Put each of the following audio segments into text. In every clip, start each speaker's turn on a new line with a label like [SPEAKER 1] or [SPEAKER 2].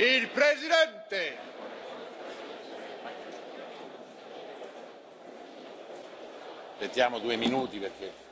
[SPEAKER 1] il presidente
[SPEAKER 2] aspettiamo due minuti perché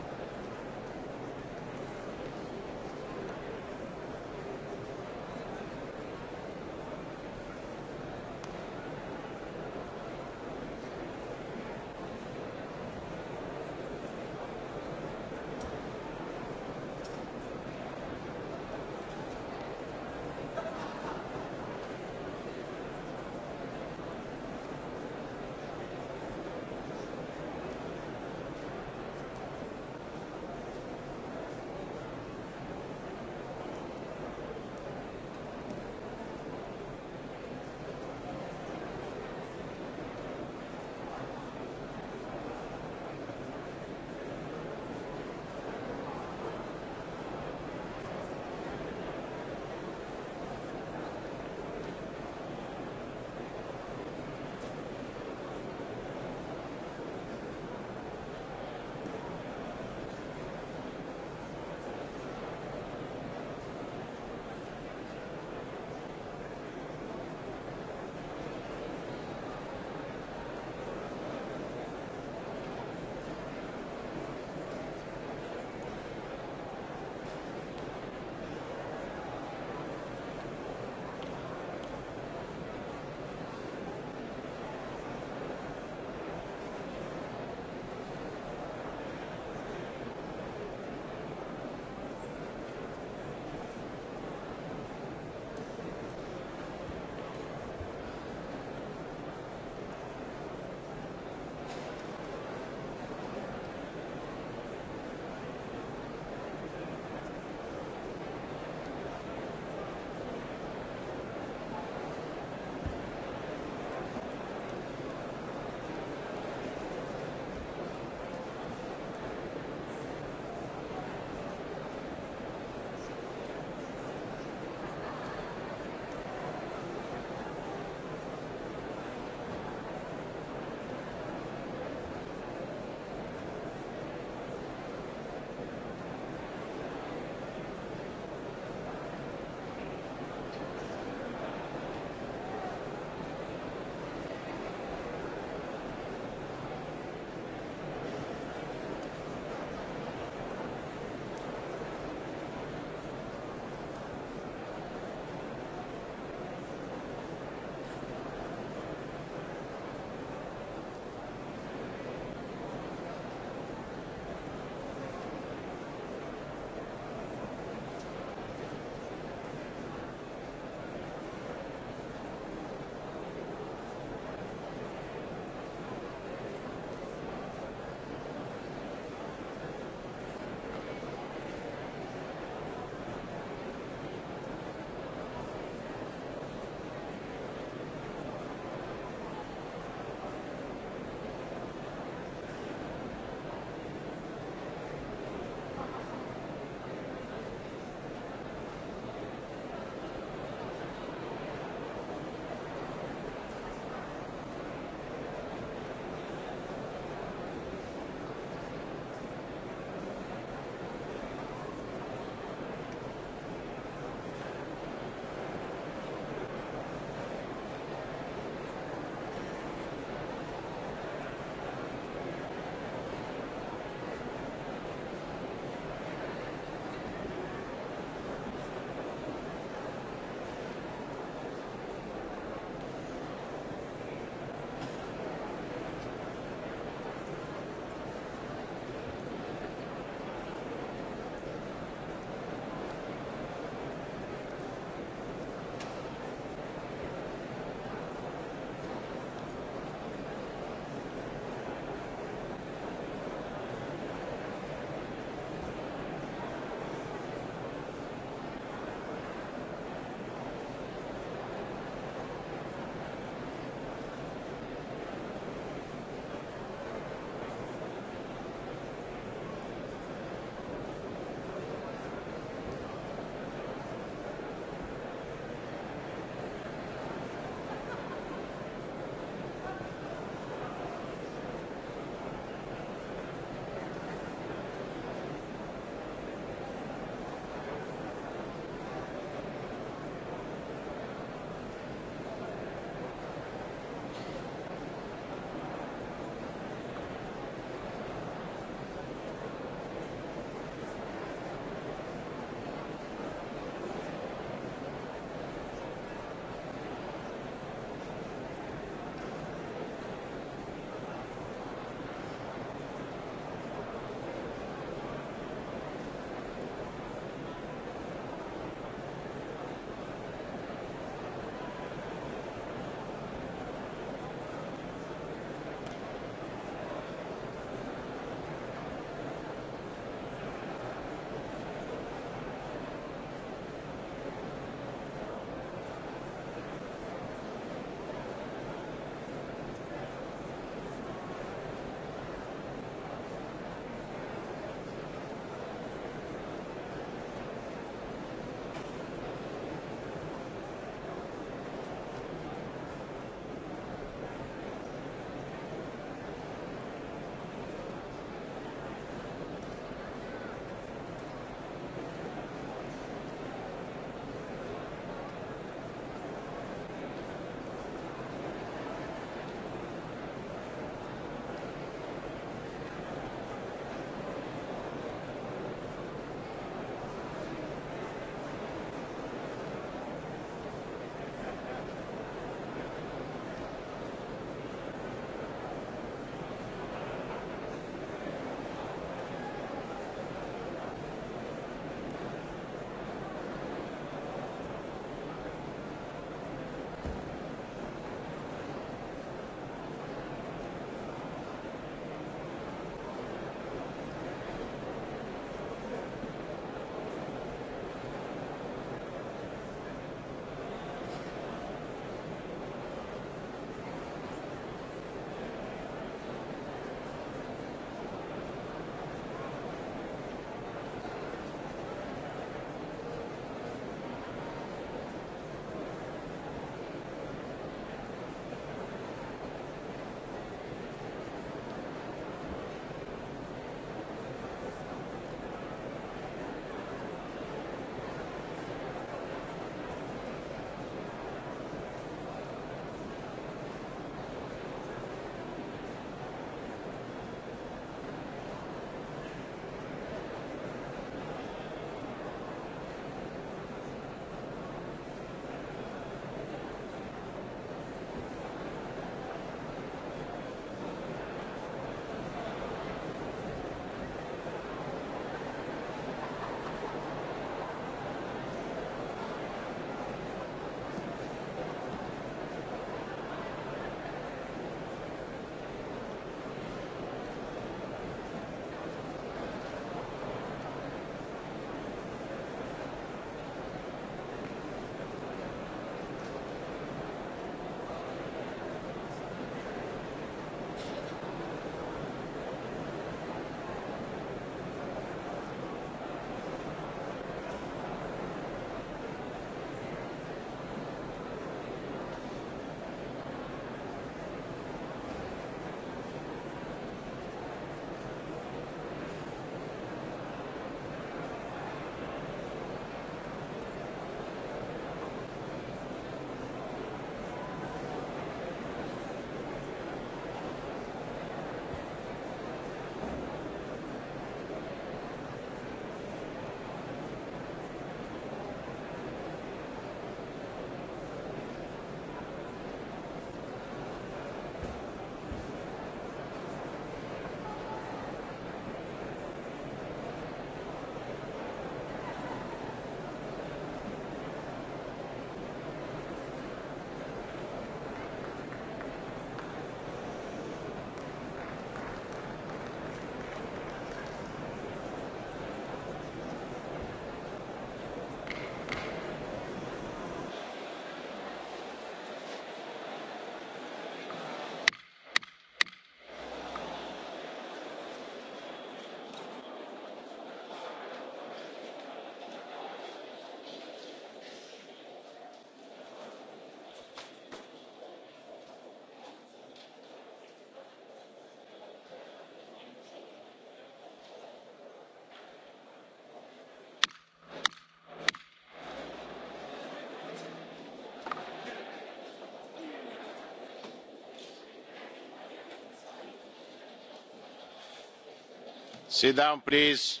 [SPEAKER 1] Sit down, please.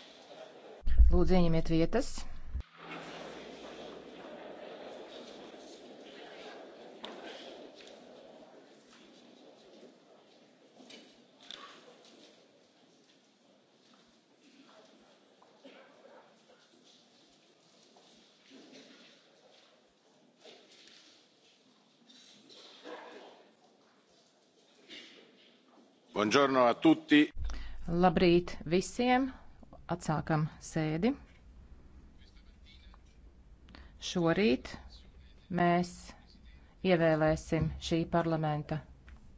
[SPEAKER 1] Lūdzu, ieņemiet vietas. Buongiorno a tutti. Labrīt visiem! Atsākam sēdi. Šorīt mēs ievēlēsim šī parlamenta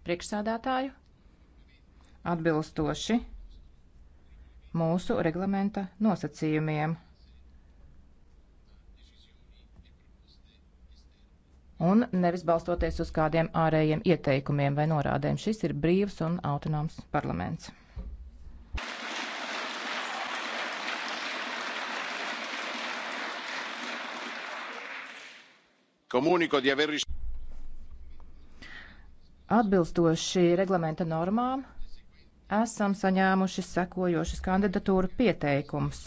[SPEAKER 1] priekšsādātāju atbilstoši mūsu reglamenta nosacījumiem. un nevis balstoties uz kādiem ārējiem ieteikumiem vai norādēm. Šis ir brīvs un autonoms parlaments. Komuniko di aver Atbilstoši reglamenta normām esam saņēmuši sekojošas kandidatūru pieteikums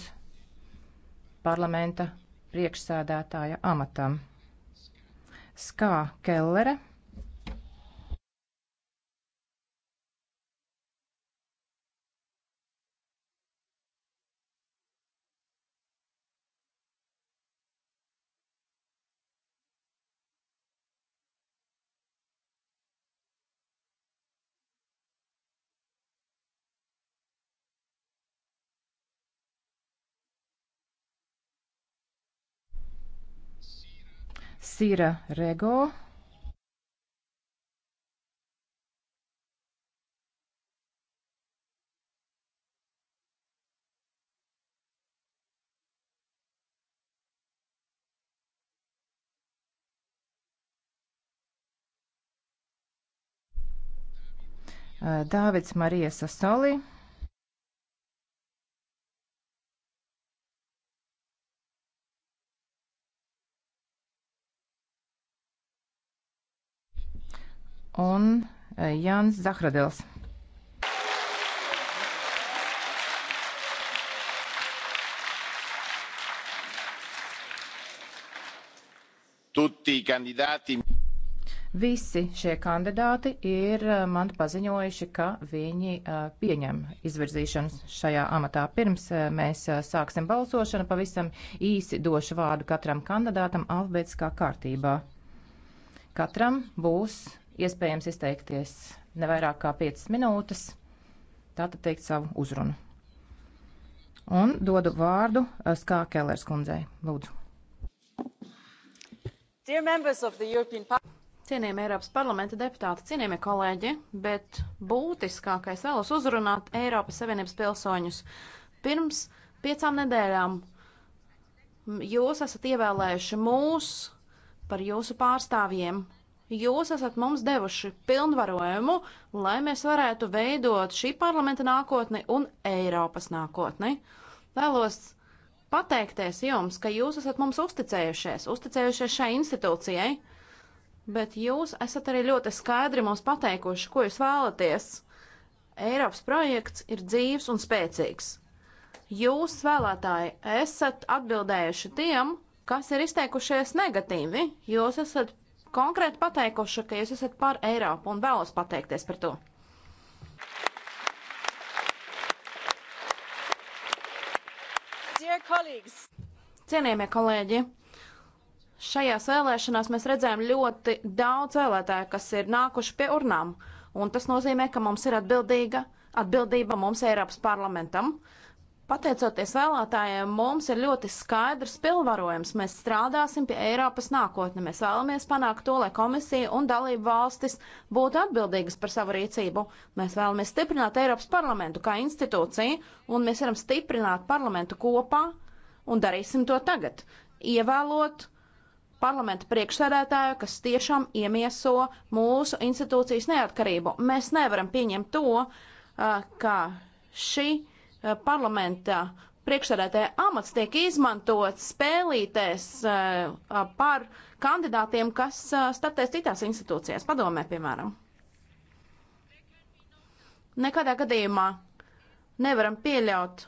[SPEAKER 1] parlamenta priekšsēdētāja amatam. Skā Kellere. Cira Rego. Uh, Dāvids Marijas Sasoli. un eh, Jānis Zahradils. Visi šie kandidāti ir eh, man paziņojuši, ka viņi eh, pieņem izvirzīšanas šajā amatā. Pirms mēs sāksim balsošanu, pavisam īsi došu vārdu katram kandidātam alfabētiskā kārtībā. Katram būs iespējams izteikties nevairāk kā 5 minūtes, tātad teikt savu uzrunu. Un dodu vārdu eh, Skā Kellers kundzei. Lūdzu.
[SPEAKER 3] European... Cienījamie Eiropas parlamenta deputāti, cienījamie kolēģi, bet būtiskākais vēlos uzrunāt Eiropas Savienības pilsoņus. Pirms piecām nedēļām jūs esat ievēlējuši mūs par jūsu pārstāvjiem Jūs esat mums devuši pilnvarojumu, lai mēs varētu veidot šī parlamenta nākotni un Eiropas nākotni. Vēlos pateikties jums, ka jūs esat mums uzticējušies, uzticējušies šai institūcijai, bet jūs esat arī ļoti skaidri mums pateikuši, ko jūs vēlaties. Eiropas projekts ir dzīves un spēcīgs. Jūs, vēlētāji, esat atbildējuši tiem, kas ir izteikušies negatīvi. Jūs esat konkrēti pateikuši, ka jūs esat par Eiropu un vēlos pateikties par to. Cienījamie kolēģi, šajās vēlēšanās mēs redzējām ļoti daudz vēlētāju, kas ir nākuši pie urnām, un tas nozīmē, ka mums ir atbildīga atbildība mums Eiropas parlamentam. Uh, Pateicoties vēlētājiem, mums ir ļoti skaidrs pilvarojums. Mēs strādāsim pie Eiropas nākotne. Mēs vēlamies panākt to, lai komisija un dalību valstis būtu atbildīgas par savu rīcību. Mēs vēlamies stiprināt Eiropas parlamentu kā institūciju, un mēs varam stiprināt parlamentu kopā, un darīsim to tagad. Ievēlot parlamenta priekšsēdētāju, kas tiešām iemieso mūsu institūcijas neatkarību. Mēs nevaram pieņemt to, uh, ka šī Eh, parlamentā priekšsēdētāja amats tiek izmantots spēlīties eh, eh, par kandidātiem, kas startēs citās institūcijās, padomē, piemēram. Nekādā gadījumā nevaram pieļaut,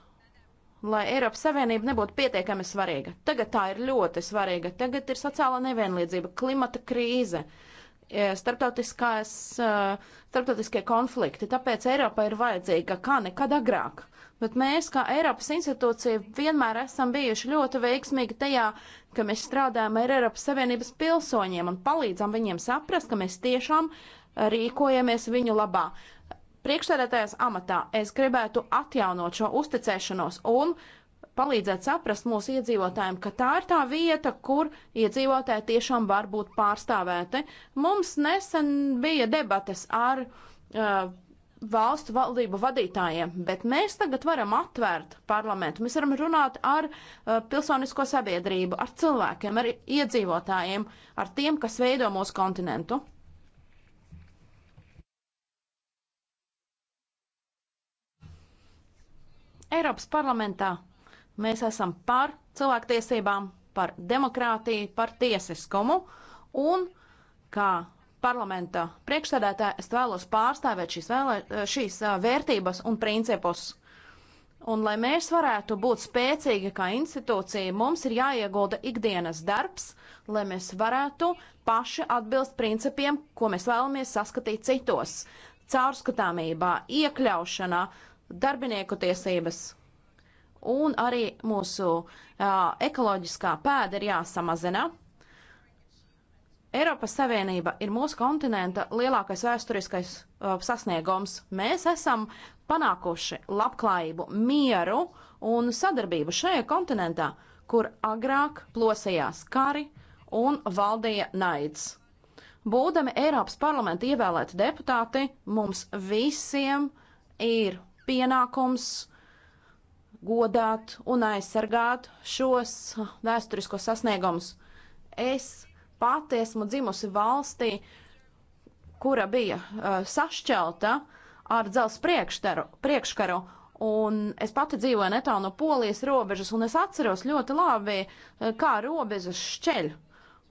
[SPEAKER 3] lai Eiropas Savienība nebūtu pietiekami svarīga. Tagad tā ir ļoti svarīga. Tagad ir sociāla nevienlīdzība, klimata krīze. Uh, E, e, starptautiskie konflikti. Tāpēc Eiropa ir vajadzīga kā nekad agrāk. Bet mēs, kā Eiropas institūcija, vienmēr esam bijuši ļoti veiksmīgi tajā, ka mēs strādājam ar Eiropas Savienības pilsoņiem un palīdzam viņiem saprast, ka mēs tiešām rīkojamies viņu labā. Priekšsēdētājas amatā es gribētu atjaunot šo uzticēšanos un uh, palīdzēt saprast mūsu iedzīvotājiem, ka tā ir tā vieta, kur iedzīvotāji tiešām var būt pārstāvēti. Mums nesen bija debates ar uh, valstu valdību vadītājiem, bet mēs tagad varam atvērt parlamentu. Mēs varam runāt ar uh, pilsonisko sabiedrību, ar cilvēkiem, ar iedzīvotājiem, ar tiem, kas veido mūsu kontinentu. Eiropas parlamentā Mēs esam par cilvēktiesībām, par demokrātiju, par tiesiskumu un kā parlamenta priekšsēdētāja es vēlos pārstāvēt šīs, vēlē, šīs vērtības un principus. Un, lai mēs varētu būt spēcīgi kā institūcija, mums ir jāiegulda ikdienas darbs, lai mēs varētu paši atbilst principiem, ko mēs vēlamies saskatīt citos - caurskatāmībā, iekļaušanā, darbinieku tiesības un arī mūsu uh, ekoloģiskā pēda ir jāsamazina. Eiropas Savienība ir mūsu kontinenta lielākais vēsturiskais uh, sasniegums. Mēs esam panākuši labklājību, mieru un sadarbību šajā kontinentā, kur agrāk plosījās kari un valdīja naids. Būdami Eiropas parlamenta ievēlēti deputāti, mums visiem ir pienākums uh, godāt un aizsargāt šos vēsturiskos sasniegumus. Es pati esmu dzimusi valstī, kura bija uh, sašķelta ar dzelzs priekškaru, un es pati dzīvoju netālu no polijas robežas, un es atceros ļoti labi, kā robežas šķeļ.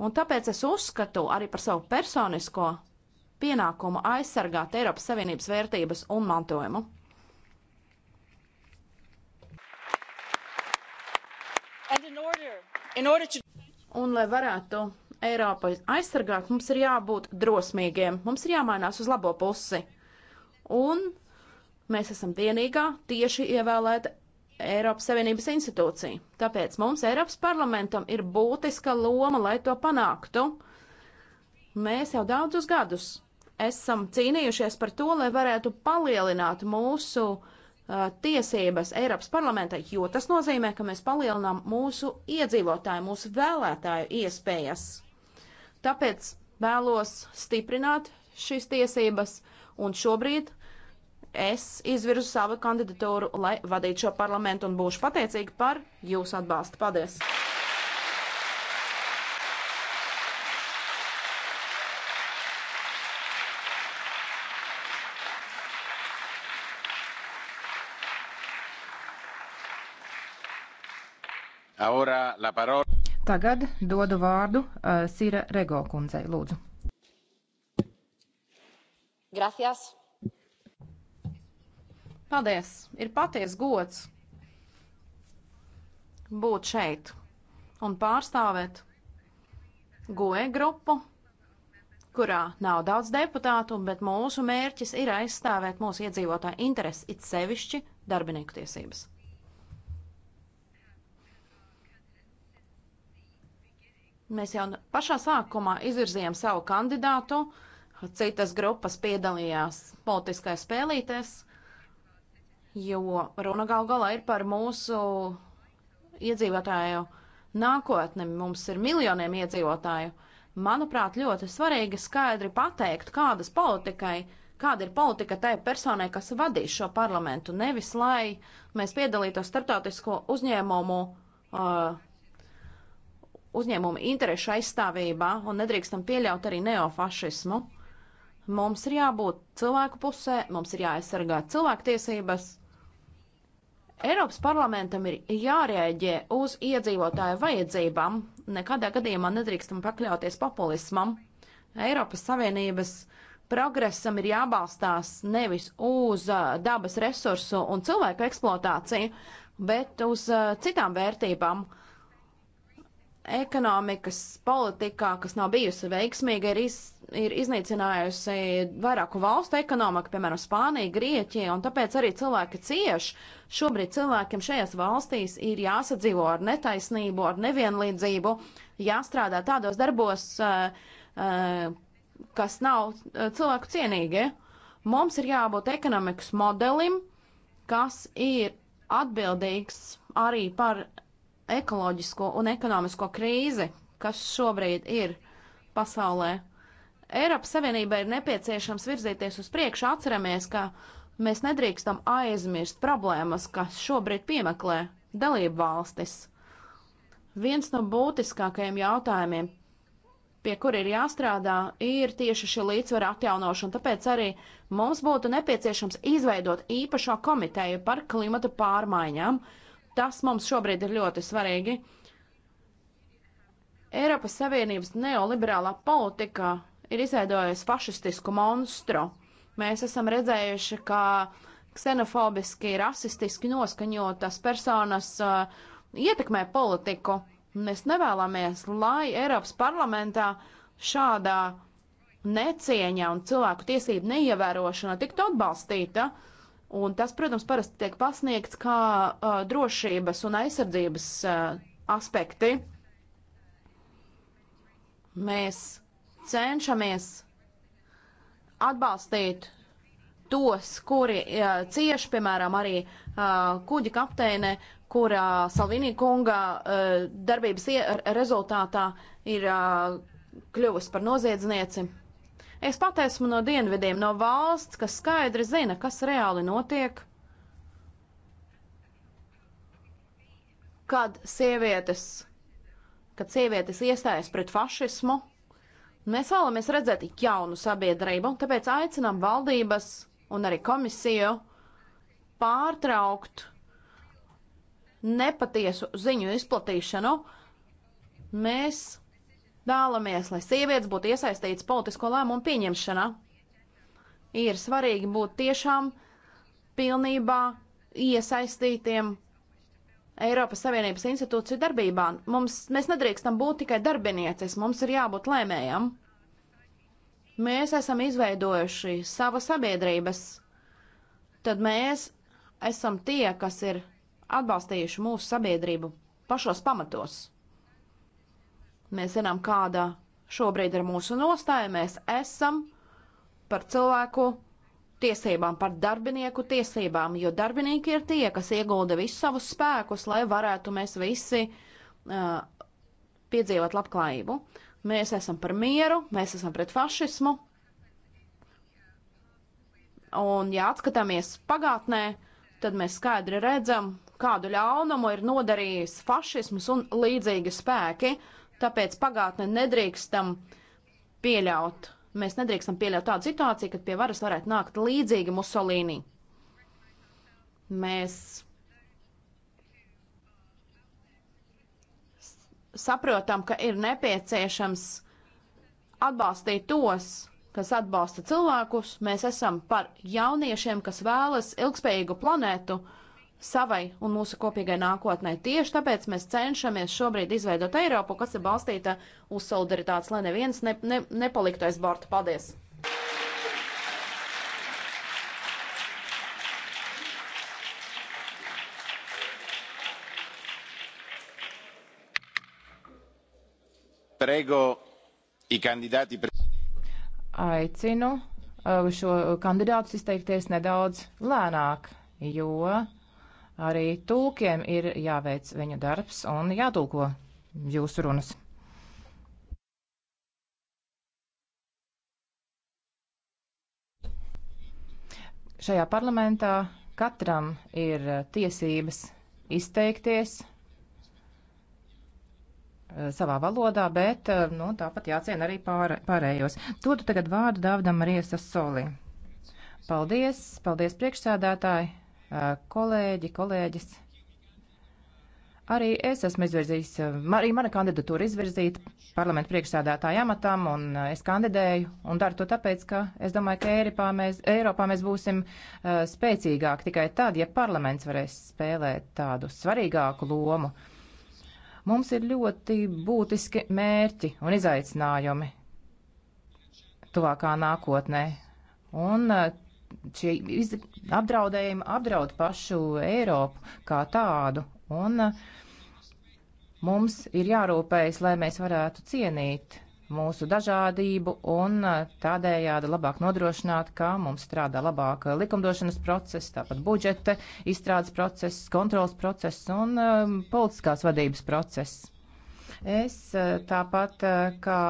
[SPEAKER 3] Un tāpēc es uzskatu arī par savu personisko pienākumu aizsargāt Eiropas Savienības vērtības un mantojumu. Un, lai varētu Eiropu aizsargāt, mums ir jābūt drosmīgiem, mums ir jāmainās uz labo pusi. Un mēs esam vienīgā tieši ievēlēta Eiropas Savienības institūcija. Tāpēc mums Eiropas parlamentam ir būtiska loma, lai to panāktu. Mēs jau daudzus gadus esam cīnījušies par to, lai varētu palielināt mūsu uh, Uh, tiesības Eiropas parlamentai, jo tas nozīmē, ka mēs palielinām mūsu iedzīvotāju, mūsu vēlētāju iespējas. Tāpēc vēlos stiprināt šīs tiesības, un šobrīd es izvirzu savu kandidatūru, lai vadītu šo parlamentu un būšu pateicīga par jūsu atbalstu. Paldies! la, la parola.
[SPEAKER 1] Tagad dodu vārdu uh, Sīra Rego kundzei, lūdzu.
[SPEAKER 3] Gracias. Paldies. Ir paties gods būt šeit un pārstāvēt GOE grupu, kurā nav daudz deputātu, bet mūsu mērķis ir aizstāvēt mūsu iedzīvotāju intereses, it sevišķi darbinieku tiesības. Mēs jau nu- pašā sākumā izvirzījām savu kandidātu, citas grupas piedalījās politiskajās spēlītēs, jo runa gal galā ir par mūsu iedzīvotāju nākotni. Mums ir miljoniem iedzīvotāju. Manuprāt, ļoti svarīgi skaidri pateikt, kādas politikai, kāda ir politika tai personai, kas vadīs šo parlamentu, nevis lai mēs piedalītos starptautisko uzņēmumu uh, uzņēmumu interešu aizstāvībā un nedrīkstam pieļaut arī neofašismu. Mums ir jābūt cilvēku pusē, mums ir jāaizsargā cilvēktiesības. Eiropas parlamentam ir jārēģē uz iedzīvotāju vajadzībām, nekādā gadījumā nedrīkstam pakļauties populismam. Eiropas Savienības progresam ir jābalstās nevis uz uh, dabas resursu un cilvēku eksploatāciju, bet uz uh, citām vērtībām. Uh, ekonomikas politikā, kas nav bijusi veiksmīga, ir, iz, ir iznīcinājusi vairāku valstu ekonomiku, piemēram, Spāniju, Grieķiju, un tāpēc arī cilvēki cieši. Šobrīd cilvēkiem šajās valstīs ir jāsadzīvo ar netaisnību, ar nevienlīdzību, jāstrādā tādos darbos, kas nav cilvēku cienīgi. Mums ir jābūt ekonomikas modelim, kas ir atbildīgs arī par ekoloģisko un ekonomisko krīzi, kas šobrīd ir pasaulē. Eiropas Savienībai ir nepieciešams virzīties uz priekšu, atceramies, ka mēs nedrīkstam aizmirst problēmas, kas šobrīd piemeklē dalību valstis. Viens no būtiskākajiem jautājumiem, pie kur ir jāstrādā, ir tieši šī līdzsvara atjaunošana. Tāpēc arī mums būtu nepieciešams izveidot īpašo komiteju par klimata pārmaiņām, uh, Tas mums šobrīd ir ļoti svarīgi. Eiropas Savienības neoliberālā politika ir izveidojusi fašistisku monstru. Mēs esam redzējuši, ka ksenofobiski, rasistiski noskaņotas personas uh, ietekmē politiku. Mēs nevēlamies, lai Eiropas parlamentā šādā necieņa un cilvēku tiesību neievērošana tiktu atbalstīta. Uh, Un tas, protams, parasti tiek pasniegts kā uh, drošības un aizsardzības uh, aspekti. Mēs cenšamies atbalstīt tos, kuri uh, cieši, piemēram, arī uh, kuģa kapteine, kurā uh, Salvinī kunga uh, darbības rezultātā ir uh, kļuvusi par noziedznieci. Es pat esmu no dienvidiem, no valsts, kas skaidri zina, kas reāli notiek. Kad sievietes, kad sievietes iestājas pret fašismu, mēs vēlamies redzēt jaunu sabiedrību, tāpēc aicinām valdības un arī komisiju pārtraukt nepatiesu ziņu izplatīšanu. Mēs Vēlamies, lai sievietes būtu iesaistītas politisko lēmumu pieņemšanā. Ir svarīgi būt tiešām pilnībā iesaistītiem Eiropas Savienības institūciju darbībā. Mums, mēs nedrīkstam būt tikai darbinieces, mums ir jābūt lēmējam. Mēs esam izveidojuši savu sabiedrības, tad mēs esam tie, kas ir atbalstījuši mūsu sabiedrību pašos pamatos. Mēs zinām, kāda šobrīd ir mūsu nostāja. Mēs esam par cilvēku tiesībām, par darbinieku tiesībām, jo darbinieki ir tie, kas iegulda visus savus spēkus, lai varētu mēs visi uh, piedzīvot labklājību. Mēs esam par mieru, mēs esam pret fašismu. Un, ja atskatāmies pagātnē, tad mēs skaidri redzam, kādu ļaunumu ir nodarījis fašisms un līdzīgi spēki. Uh, Tāpēc pagātne nedrīkstam pieļaut. Mēs nedrīkstam pieļaut tādu situāciju, kad pie varas varētu nākt līdzīga Musolīni. Mēs saprotam, ka ir nepieciešams atbalstīt tos, kas atbalsta cilvēkus. Mēs esam par jauniešiem, kas vēlas ilgspējīgu planētu. Uh, savai un mūsu kopīgai nākotnē. Tieši tāpēc mēs cenšamies šobrīd izveidot Eiropu, kas ir balstīta uz solidaritātes, lai neviens ne, ne, nepaliktu aiz borta. Paldies!
[SPEAKER 1] Prego i kandidāti. Aicinu uh, šo kandidātus izteikties nedaudz lēnāk, jo Arī tūkiem ir jāveic viņu darbs un jātūko jūsu runas. Šajā parlamentā katram ir tiesības izteikties eh, savā valodā, bet eh, nu, tāpat jāciena arī pār, pārējos. Dodu tagad vārdu Dāvidam Marijas Solī. Paldies, paldies priekšsēdētāji! kolēģi, kolēģis. Arī es esmu izvirzījis, arī mana kandidatūra izvirzīta parlamentu priekšsādātāja amatam, un es kandidēju, un daru to tāpēc, ka es domāju, ka Eiropā mēs, Eiropā mēs būsim uh, spēcīgāki tikai tad, ja parlaments varēs spēlēt tādu svarīgāku lomu. Mums ir ļoti būtiski mērķi un izaicinājumi tuvākā nākotnē, un uh, šie apdraudējumi apdraud pašu Eiropu kā tādu. Un uh, mums ir jārūpējas, lai mēs varētu cienīt mūsu dažādību un uh, tādējādi labāk nodrošināt, ka mums strādā labāk uh, likumdošanas process, tāpat budžeta izstrādes process, kontrols process un um, politiskās vadības process. Es eh, tāpat eh, kā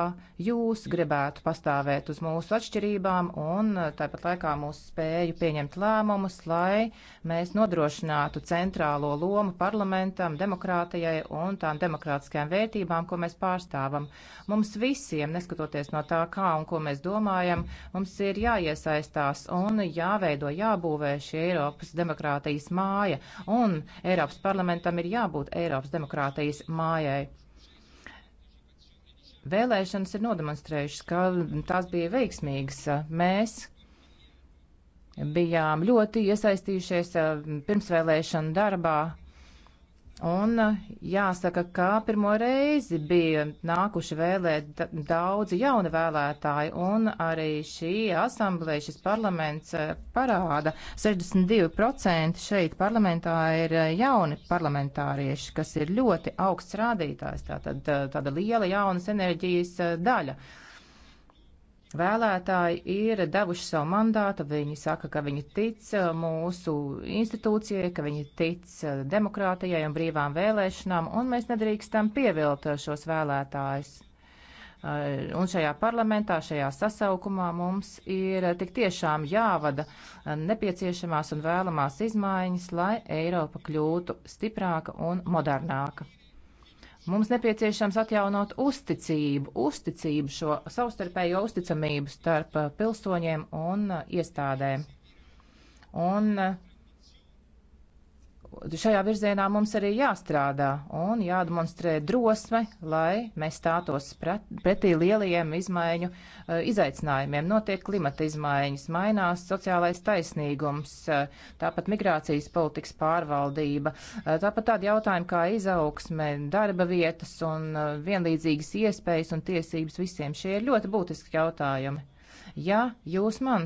[SPEAKER 1] jūs gribētu pastāvēt uz mūsu atšķirībām un eh, tāpat laikā mūsu spēju pieņemt lēmumus, lai mēs nodrošinātu centrālo lomu parlamentam, demokrātijai un tām demokrātiskajām vērtībām, ko mēs pārstāvam. Mums visiem, neskatoties no tā, kā un ko mēs domājam, mums ir jāiesaistās un jāveido, jābūvē šī Eiropas demokrātijas māja. Un Eiropas parlamentam ir jābūt Eiropas demokrātijas mājai. Vēlēšanas ir nodemonstrējušas, ka tās bija veiksmīgas. Mēs bijām ļoti iesaistījušies eh, pirmsvēlēšana darbā Un eh, jāsaka, kā pirmo reizi bija nākuši vēlēt daudzi jauni vēlētāji, un arī šī asamblēja, šis parlaments eh, parāda 62% šeit parlamentā ir eh, jauni parlamentārieši, kas ir ļoti augsts rādītājs, tātad tāda liela jaunas enerģijas daļa. Uh, Vēlētāji ir devuši savu mandātu, viņi saka, ka viņi tic uh, mūsu institūcijai, ka viņi tic uh, demokrātijai un brīvām vēlēšanām, un mēs nedrīkstam pievilt uh, šos vēlētājus. Un šajā parlamentā, šajā sasaukumā mums ir tik tiešām jāvada nepieciešamās un vēlamās izmaiņas, lai Eiropa kļūtu stiprāka un modernāka. Mums nepieciešams atjaunot uzticību, uzticību šo savstarpējo uzticamību starp uh, pilsoņiem un uh, iestādēm. Un uh, šajā virzienā mums arī jāstrādā un jādemonstrē drosme, lai mēs stātos pret, pretī lielajiem izmaiņu eh, izaicinājumiem. Notiek klimata izmaiņas, mainās sociālais taisnīgums, eh, tāpat migrācijas politikas pārvaldība, eh, tāpat tādi jautājumi kā izaugsme, darba vietas un vienlīdzīgas iespējas un tiesības visiem. Šie ir ļoti būtiski jautājumi. Ja jūs man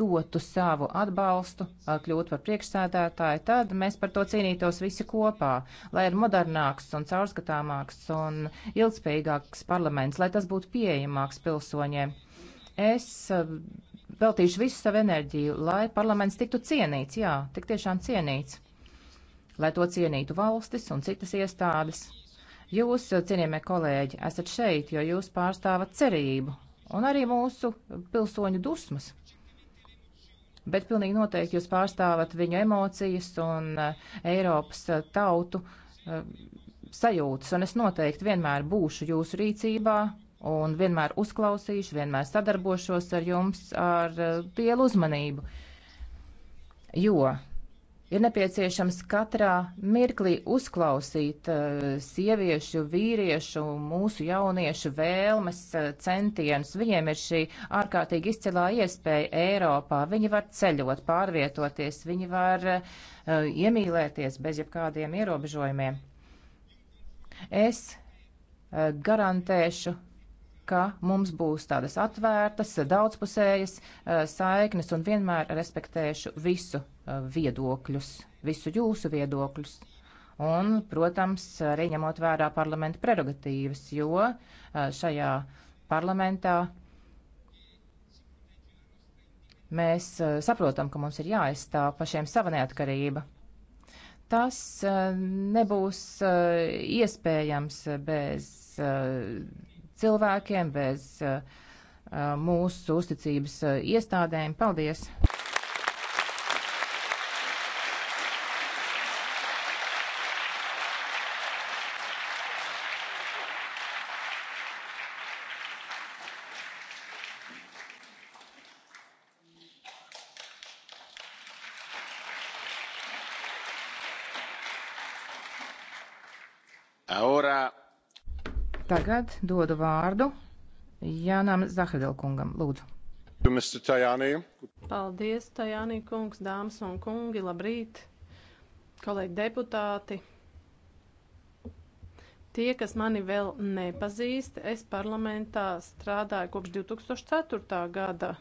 [SPEAKER 1] dotu savu atbalstu, kļūt par priekšsēdētāju, tad mēs par to cīnītos visi kopā, lai ir modernāks un caurskatāmāks un ilgspējīgāks parlaments, lai tas būtu pieejamāks pilsoņiem. Es veltīšu visu savu enerģiju, lai parlaments tiktu cienīts, jā, tik tiešām cienīts, lai to cienītu valstis un citas iestādes. Jūs, cienījamie kolēģi, esat šeit, jo jūs pārstāvat cerību, un arī mūsu pilsoņu dusmas. Bet pilnīgi noteikti jūs pārstāvat viņu emocijas un eh, Eiropas eh, tautu eh, sajūtas, un es noteikti vienmēr būšu jūsu rīcībā un vienmēr uzklausīšu, vienmēr sadarbošos ar jums ar lielu uzmanību, jo Ir nepieciešams katrā mirklī uzklausīt uh, sieviešu, vīriešu, mūsu jauniešu vēlmes, uh, centienus. Viņiem ir šī ārkārtīgi izcilā iespēja Eiropā. Viņi var ceļot, pārvietoties, viņi var uh, iemīlēties bez jebkādiem ierobežojumiem. Es garantēšu ka mums būs tādas atvērtas, daudzpusējas eh, saiknes un vienmēr respektēšu visu eh, viedokļus, visu jūsu viedokļus. Un, protams, arī ņemot vērā parlamenta prerogatīvas, jo eh, šajā parlamentā mēs saprotam, ka mums ir jāaizstāv pašiem sava neatkarība tas nebūs iespējams bez cilvēkiem, bez eh, eh, mūsu uzticības eh, iestādēm. Paldies! Ahora Tagad dodu vārdu Jānam Zahradilkungam. Lūdzu. Paldies, Tajānī kungs,
[SPEAKER 2] dāmas un kungi, labrīt, kolēģi deputāti. Tie, kas mani vēl nepazīst, es parlamentā strādāju kopš 2004. gada.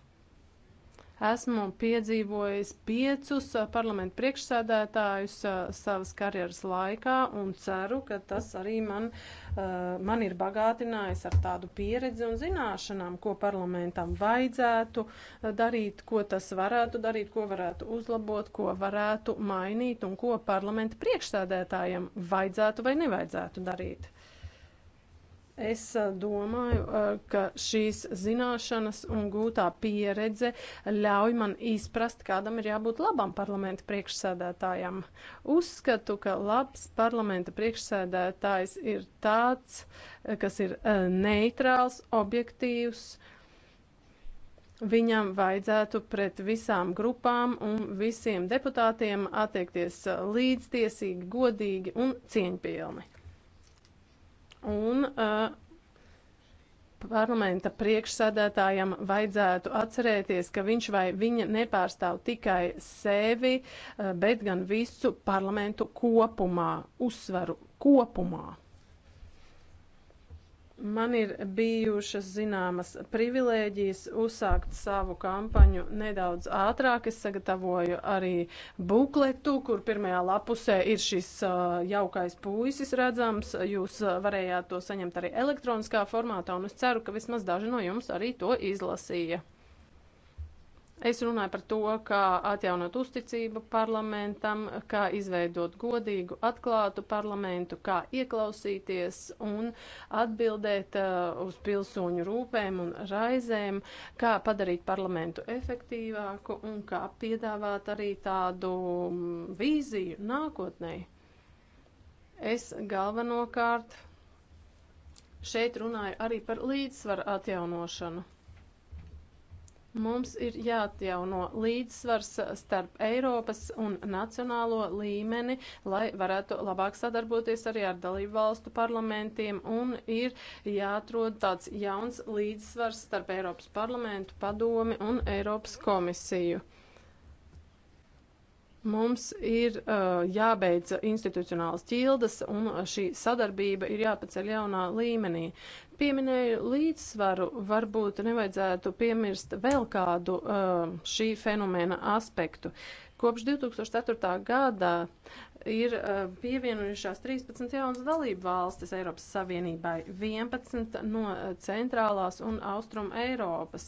[SPEAKER 2] Esmu piedzīvojis piecus parlamentu priekšsēdētājus savas karjeras laikā un ceru, ka tas arī man, man ir bagātinājis ar tādu pieredzi un zināšanām, ko parlamentam vajadzētu darīt, ko tas varētu darīt, ko varētu uzlabot, ko varētu mainīt un ko parlamenta priekšsēdētājiem vajadzētu vai nevajadzētu darīt. Es eh, domāju, eh, ka šīs zināšanas un gūtā pieredze ļauj man izprast, kādam ir jābūt labam parlamenta priekšsēdētājam. Uzskatu, ka labs parlamenta priekšsēdētājs ir tāds, eh, kas ir neitrāls, objektīvs, viņam vajadzētu pret visām grupām un visiem deputātiem attiekties līdztiesīgi, godīgi un cieņpilni. Un uh, parlamenta priekšsēdētājam vajadzētu atcerēties, ka viņš vai viņa nepārstāv tikai sevi, uh, bet gan visu parlamentu kopumā, uzsvaru kopumā. Man ir bijušas zināmas privilēģijas uzsākt savu kampaņu nedaudz ātrāk. Es sagatavoju arī bukletu, kur pirmajā lapusē ir šis jaukais puisis redzams. Jūs varējāt to saņemt arī elektroniskā formātā, un es ceru, ka vismaz daži no jums arī to izlasīja. Es runāju par to, kā atjaunot uzticību parlamentam, kā izveidot godīgu, atklātu parlamentu, kā ieklausīties un atbildēt uh, uz pilsoņu rūpēm un raizēm, kā padarīt parlamentu efektīvāku un kā piedāvāt arī tādu mm, vīziju nākotnē. Es galvenokārt šeit runāju arī par līdzsvaru atjaunošanu. Mums ir jāatjauno līdzsvars starp Eiropas un nacionālo līmeni, lai varētu labāk sadarboties arī ar dalību valstu parlamentiem, un ir jāatrod tāds jauns līdzsvars starp Eiropas parlamentu, padomi un Eiropas komisiju. Mums ir uh, jābeidz institucionāls ķildes, un uh, šī sadarbība ir jāpaceļ jaunā līmenī. Pieminēju līdzsvaru, varbūt nevajadzētu piemirst vēl kādu uh, šī fenomena aspektu. Uh, Kopš 2004. gada ir eh, pievienojušās 13 jaunas dalību valstis Eiropas Savienībai, 11 no eh, centrālās un austrum Eiropas.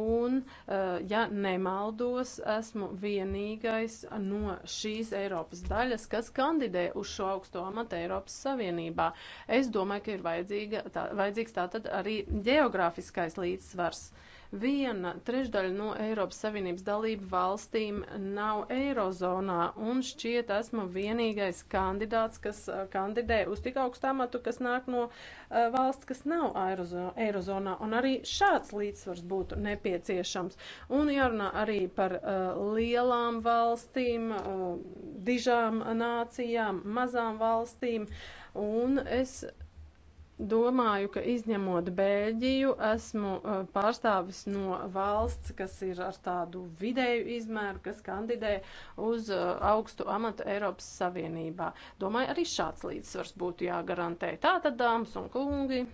[SPEAKER 2] Un, eh, ja nemaldos, esmu vienīgais no šīs Eiropas daļas, kas kandidē uz šo augsto amatu Eiropas Savienībā. Es domāju, ka ir vajadzīga, tā, vajadzīgs tātad arī geogrāfiskais līdzsvars. Uh, Viena trešdaļa no Eiropas Savienības dalību valstīm nav eirozonā, un šķiet esmu vienīgais kandidāts, kas uh, kandidē uz tik augstu amatu, kas nāk no uh, valsts, kas nav eirozonā, un arī šāds līdzsvars būtu nepieciešams. Un jārunā arī par uh, lielām valstīm, uh, dižām nācijām, mazām valstīm, un es Domāju, ka izņemot Bēļģiju, esmu eh, pārstāvis no valsts, kas ir ar tādu vidēju izmēru, kas kandidē uz eh, augstu amatu Eiropas Savienībā. Domāju, arī šāds līdzsvars būtu jāgarantē. Tātad, dāmas un kungi,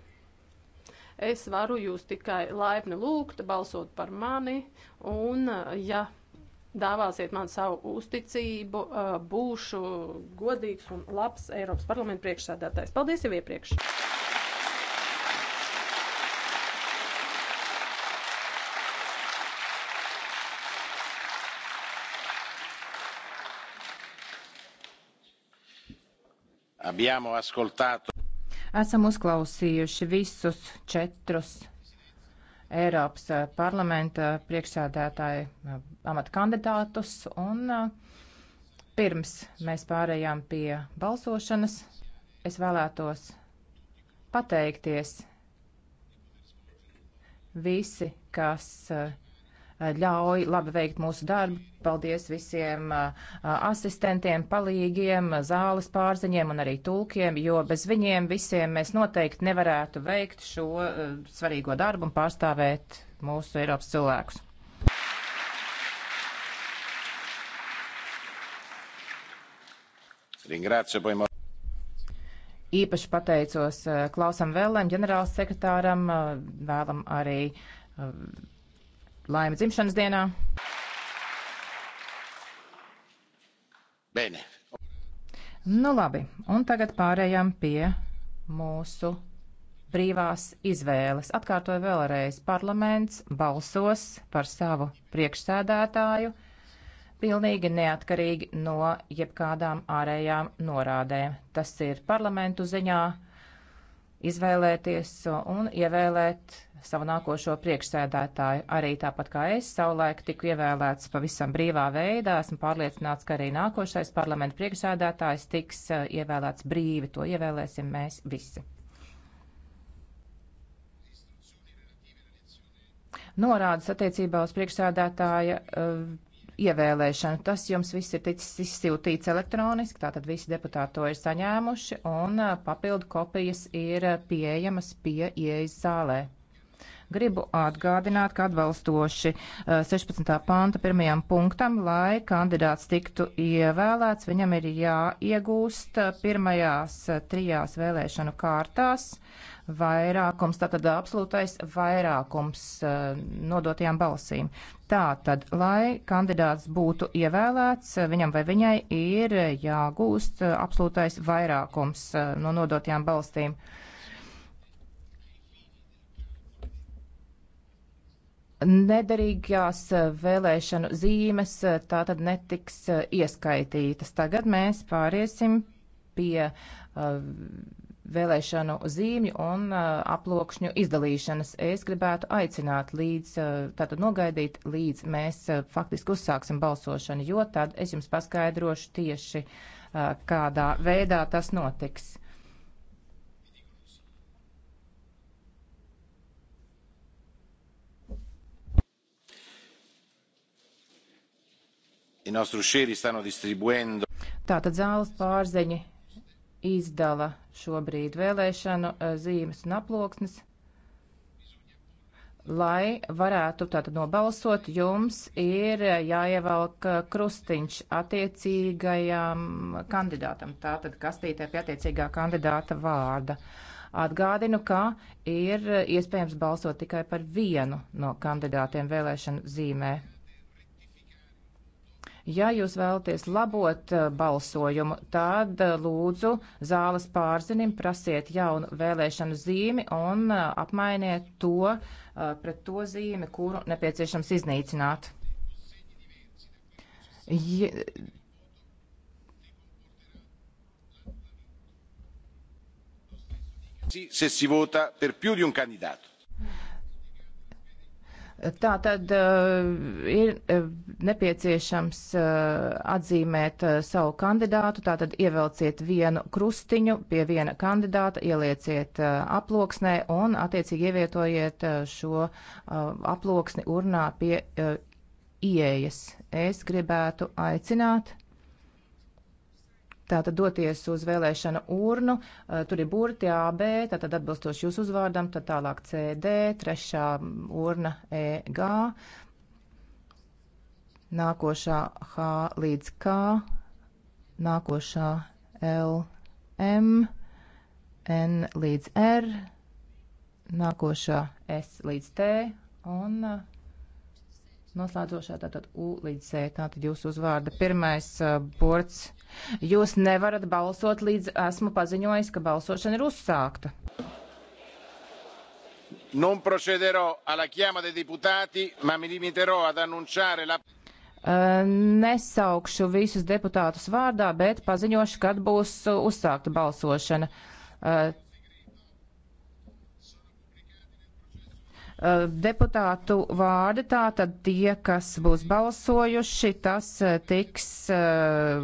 [SPEAKER 2] es varu jūs tikai laipni lūgt, balsot par mani, un eh, ja dāvāsiet man savu uzticību, būšu godīgs un labs Eiropas parlamenta priekšsēdētājs. Paldies jau iepriekš!
[SPEAKER 1] Abbiamo ascoltato. Esam uzklausījuši visus četrus Eiropas eh, parlamenta priekšsēdētāju eh, amata kandidātus, un eh, pirms mēs pārējām pie balsošanas, es vēlētos pateikties visi, kas uh, ļauj labi veikt mūsu darbu. Paldies visiem asistentiem, palīgiem, zāles pārziņiem un arī tulkiem, jo bez viņiem visiem mēs noteikti nevarētu veikt šo svarīgo darbu un pārstāvēt mūsu Eiropas cilvēkus. Ringrazio poi īpaši pateicos Klausam Vēlēm, ģenerālsekretāram, vēlam arī Laimi dzimšanas dienā! Bene. Nu labi, un tagad pārējām pie mūsu brīvās izvēles. Atkārtoju vēlreiz, parlaments balsos par savu priekšsēdētāju pilnīgi neatkarīgi no jebkādām ārējām norādēm. Tas ir parlamentu ziņā izvēlēties un ievēlēt savu nākošo priekšsēdētāju. Arī tāpat kā es savulaik tiku ievēlēts pavisam brīvā veidā, esmu pārliecināts, ka arī nākošais parlamenta priekšsēdētājs tiks eh, ievēlēts brīvi. To ievēlēsim mēs visi. Norādes attiecībā uz priekšsēdētāja eh, ievēlēšanu. Tas jums viss ir ticis izsiltīts elektroniski, tātad visi deputāti to ir saņēmuši, un papildu kopijas ir pieejamas pie ieejas zālē. Gribu atgādināt, ka atbalstoši 16. Eh, panta pirmajam punktam, lai kandidāts tiktu ievēlēts, viņam ir jāiegūst pirmajās eh, trijās vēlēšanu kārtās vairākums, tātad absolūtais vairākums eh, nodotajām balsīm. Tātad, lai kandidāts būtu ievēlēts, viņam vai viņai ir jāgūst absolūtais vairākums no nodotajām balstīm. nedarīgās eh, vēlēšanu zīmes eh, tā tad netiks eh, ieskaitītas. Tagad mēs pāriesim pie vēlēšanu zīmju un aplokšņu izdalīšanas. Es gribētu aicināt līdz, tātad nogaidīt, līdz mēs faktiski uzsāksim balsošanu, jo tad es jums paskaidrošu tieši, kādā veidā tas notiks. Tātad zāles pārziņi izdala šobrīd vēlēšanu eh, zīmes un aploksnes, lai varētu tātad nobalsot, jums ir eh, jāievelk eh, krustiņš attiecīgajam kandidātam, tātad kastītē pie attiecīgā kandidāta vārda. Atgādinu, ka ir iespējams balsot tikai par vienu no kandidātiem vēlēšanu zīmē. Ja jūs vēlaties labot eh, balsojumu, tad eh, lūdzu zāles pārzinim prasiet jaunu vēlēšanu zīmi un eh, apmainiet to pret to zīmi, kuru nepieciešams iznīcināt. Ja, se si vota per più di un candidato. Tā tad uh, ir uh, nepieciešams uh, atzīmēt uh, savu kandidātu, tā tad ievelciet vienu krustiņu pie viena kandidāta, ielieciet uh, aploksnē un attiecīgi ievietojiet uh, šo uh, aploksni urnā pie uh, ieejas. Es gribētu aicināt. Tātad doties uz vēlēšana urnu, eh, tur ir burti AB, tātad atbilstoši jūsu uzvārdam, tad tālāk CD, trešā urna EG, nākošā H līdz K, nākošā L, M, N līdz R, nākošā S līdz T un Noslēdzošā tātad U līdz Z, tātad jūsu uzvārda pirmais uh, borts. Jūs nevarat balsot līdz esmu paziņojis, ka balsošana ir uzsākta. Non procederò alla chiama dei deputati, ma mi limiterò ad annunciare la. Uh, nesaukšu visus deputātus vārdā, bet paziņošu, kad būs uzsākta balsošana. Uh, Eh, deputātu vārdi, tātad tie, kas būs balsojuši, tas eh, tiks uh,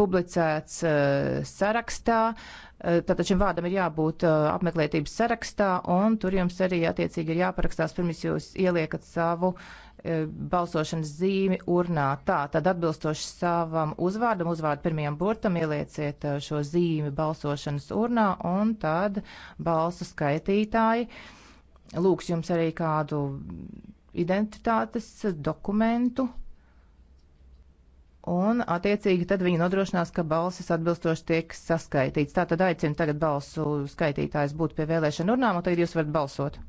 [SPEAKER 1] publicēts uh, sarakstā. Uh, tātad šim vārdam ir jābūt apmeklētības sarakstā, un tur jums arī attiecīgi ir jāparakstās, pirms jūs ieliekat savu balsošanas zīmi urnā. Tā, tad atbilstoši savam uzvārdam, uzvārdu pirmajam burtam ielieciet šo zīmi balsošanas urnā, un tad balsu skaitītāji uh, lūgs jums arī kādu identitātes dokumentu, un attiecīgi tad viņi nodrošinās, ka balsis atbilstoši tiek saskaitīts. Tātad aicinu tagad balsu skaitītājs būt pie vēlēšana urnām, un tagad jūs varat balsot.